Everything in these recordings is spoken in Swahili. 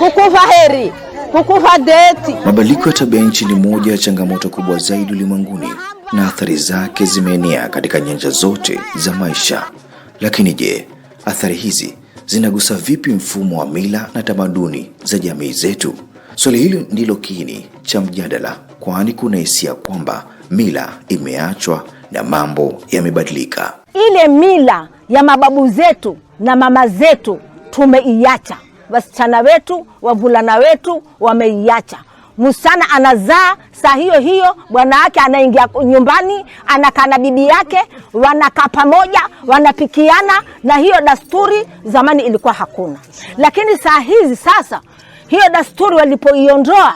hukuva heri, hukuva deti. Mabadiliko ya tabia nchi ni moja ya changamoto kubwa zaidi ulimwenguni na athari zake zimeenea katika nyanja zote za maisha. Lakini je, athari hizi zinagusa vipi mfumo wa mila na tamaduni za jamii zetu? Swali hili ndilo kiini cha mjadala, kwani kuna hisia kwamba mila imeachwa na mambo yamebadilika. Ile mila ya mababu zetu na mama zetu tumeiacha. Wasichana wetu, wavulana wetu wameiacha. Msichana anazaa saa hiyo hiyo, bwana wake anaingia nyumbani, anakaa na bibi yake, wanakaa pamoja, wanapikiana. Na hiyo dasturi zamani ilikuwa hakuna, lakini saa hizi sasa, hiyo dasturi walipoiondoa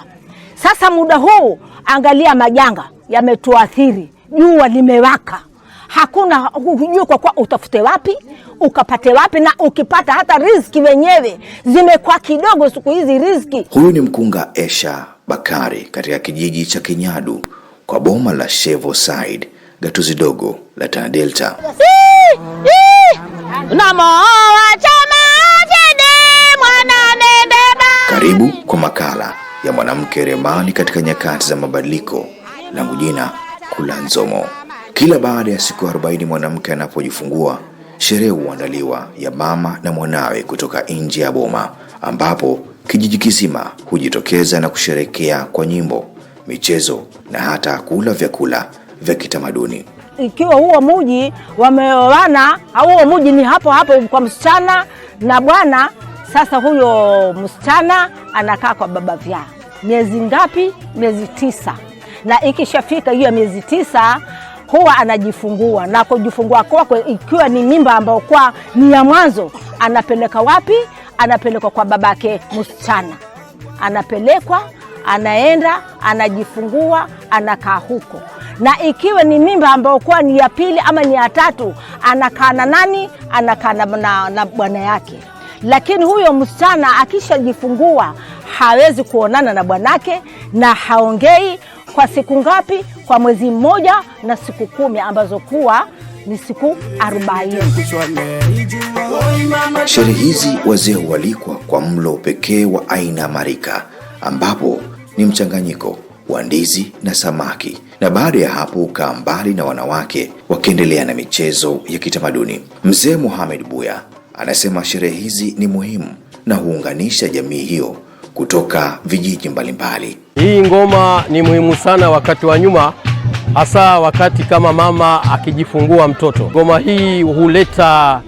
sasa, muda huu, angalia majanga yametuathiri. Jua limewaka hakuna hujue kwa kwa utafute wapi ukapate wapi, na ukipata hata riziki wenyewe zimekuwa kidogo siku hizi riziki. Huyu ni mkunga Esha Bakari katika kijiji cha Kinyadu kwa boma la Shevo Side, gatuzi dogo la Tana Delta. Karibu kwa makala ya mwanamke remani katika nyakati za mabadiliko, langu jina Kulanzomo. Kila baada ya siku 40 mwanamke anapojifungua, sherehe huandaliwa ya mama na mwanawe kutoka nje ya boma, ambapo kijiji kizima hujitokeza na kusherekea kwa nyimbo, michezo na hata kula vyakula vya kitamaduni. Ikiwa huo muji wameoana au huo muji ni hapo hapo kwa msichana na bwana. Sasa huyo msichana anakaa kwa baba vyaa miezi ngapi? Miezi tisa, na ikishafika hiyo miezi tisa huwa anajifungua na kujifungua kwake, ikiwa ni mimba ambayo kwa ni ya mwanzo, anapeleka wapi? Anapelekwa kwa babake msichana, anapelekwa, anaenda, anajifungua, anakaa huko. Na ikiwa ni mimba ambayo kwa ni ya pili ama ni ya tatu, anakaa na nani? Anakaa na, na, na bwana yake. Lakini huyo msichana akishajifungua hawezi kuonana na bwanake na haongei kwa siku ngapi? Kwa mwezi mmoja na siku kumi ambazo kuwa ni siku arobaini. Sherehe hizi wazee hualikwa kwa mlo pekee wa aina marika, ambapo ni mchanganyiko wa ndizi na samaki, na baada ya hapo hukaa mbali na wanawake wakiendelea na michezo ya kitamaduni. Mzee Mohamed Buya anasema sherehe hizi ni muhimu na huunganisha jamii hiyo kutoka vijiji mbalimbali mbali. Hii ngoma ni muhimu sana wakati wa nyuma, hasa wakati kama mama akijifungua mtoto. Ngoma hii huleta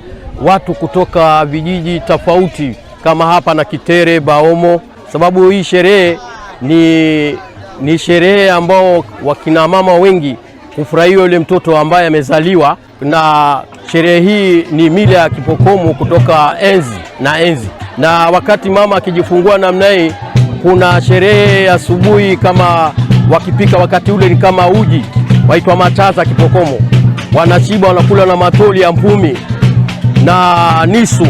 watu kutoka vijiji tofauti kama hapa na Kitere Baomo, sababu hii sherehe ni, ni sherehe ambao wakina mama wengi kufurahia yule mtoto ambaye amezaliwa, na sherehe hii ni mila ya Kipokomo kutoka enzi na enzi, na wakati mama akijifungua namna hii kuna sherehe asubuhi, kama wakipika wakati ule ni kama uji waitwa mataza Kipokomo, wanashiba wanakula na matoli ya mpumi na nisu.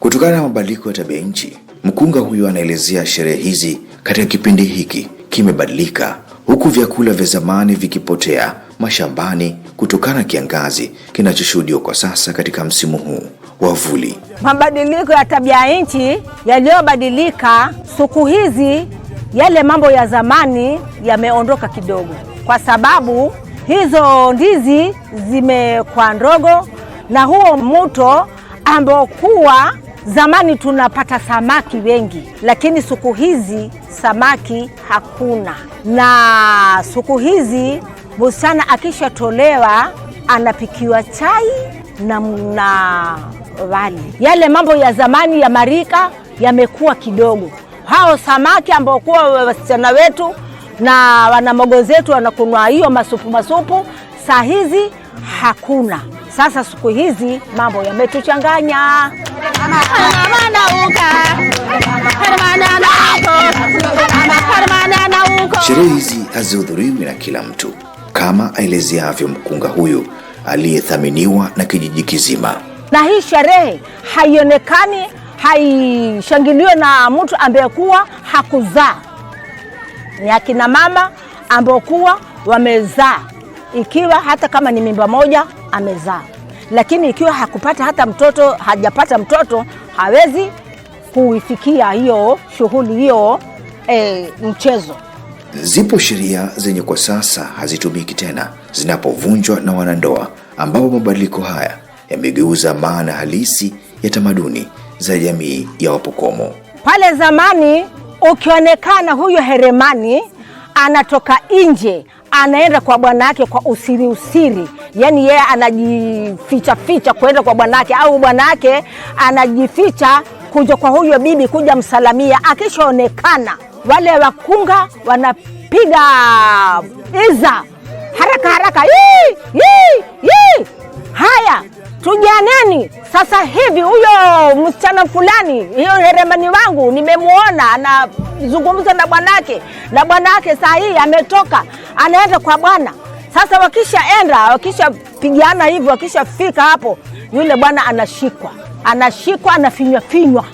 Kutokana na mabadiliko ya tabia nchi, mkunga huyu anaelezea sherehe hizi katika kipindi hiki kimebadilika, huku vyakula vya zamani vikipotea mashambani kutokana na kiangazi kinachoshuhudiwa kwa sasa katika msimu huu wavuli. Mabadiliko ya tabia nchi yaliyobadilika siku hizi, yale mambo ya zamani yameondoka kidogo, kwa sababu hizo ndizi zimekuwa ndogo na huo muto ambao kuwa zamani tunapata samaki wengi, lakini siku hizi samaki hakuna. Na siku hizi msichana akishatolewa anapikiwa chai na na wali. Yale mambo ya zamani ya marika yamekuwa kidogo. Hao samaki ambao kuwa wasichana wetu na wanamogo zetu wanakunwa hiyo masupu masupu, saa hizi hakuna. Sasa siku hizi mambo yametuchanganya. Sherehe hizi hazihudhuriwi na kila mtu, kama aelezeavyo mkunga huyu aliyethaminiwa na kijiji kizima na hii sherehe haionekani, haishangiliwe na mtu ambaye kuwa hakuzaa, ni akina mama ambao kuwa wamezaa, ikiwa hata kama ni mimba moja amezaa, lakini ikiwa hakupata hata mtoto, hajapata mtoto, hawezi kuifikia hiyo shughuli hiyo, e, mchezo. Zipo sheria zenye kwa sasa hazitumiki tena zinapovunjwa na wanandoa, ambapo mabadiliko haya yamegeuza maana halisi ya tamaduni za jamii ya Wapokomo. Pale zamani ukionekana huyo heremani anatoka nje anaenda kwa bwanawake kwa usiri usiri, yaani yeye anajificha ficha kuenda kwa bwanawake au bwanawake anajificha kuja kwa huyo bibi kuja msalamia. Akishaonekana wale wakunga wanapiga iza haraka haraka, yii yii yii, haya tujaneni sasa hivi. Huyo msichana fulani, hiyo heremani wangu nimemwona anazungumza na bwanake, na bwanake saa hii ametoka anaenda kwa bwana. Sasa wakishaenda wakishapigana hivyo, wakishafika hapo, yule bwana anashikwa, anashikwa, anafinywa finywa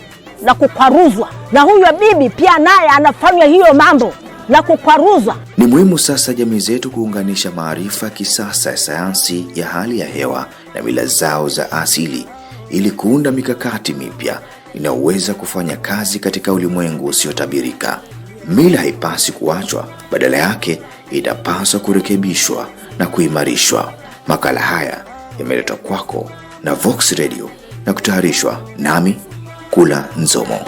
na kukwaruzwa, na huyo bibi pia naye anafanywa hiyo mambo na kukwaruzwa muhimu sasa jamii zetu kuunganisha maarifa ya kisasa ya sayansi ya hali ya hewa na mila zao za asili ili kuunda mikakati mipya inayoweza kufanya kazi katika ulimwengu usiotabirika. Mila haipasi kuachwa, badala yake inapaswa kurekebishwa na kuimarishwa. Makala haya yameletwa kwako na Vox Radio na kutayarishwa nami Kula Nzomo.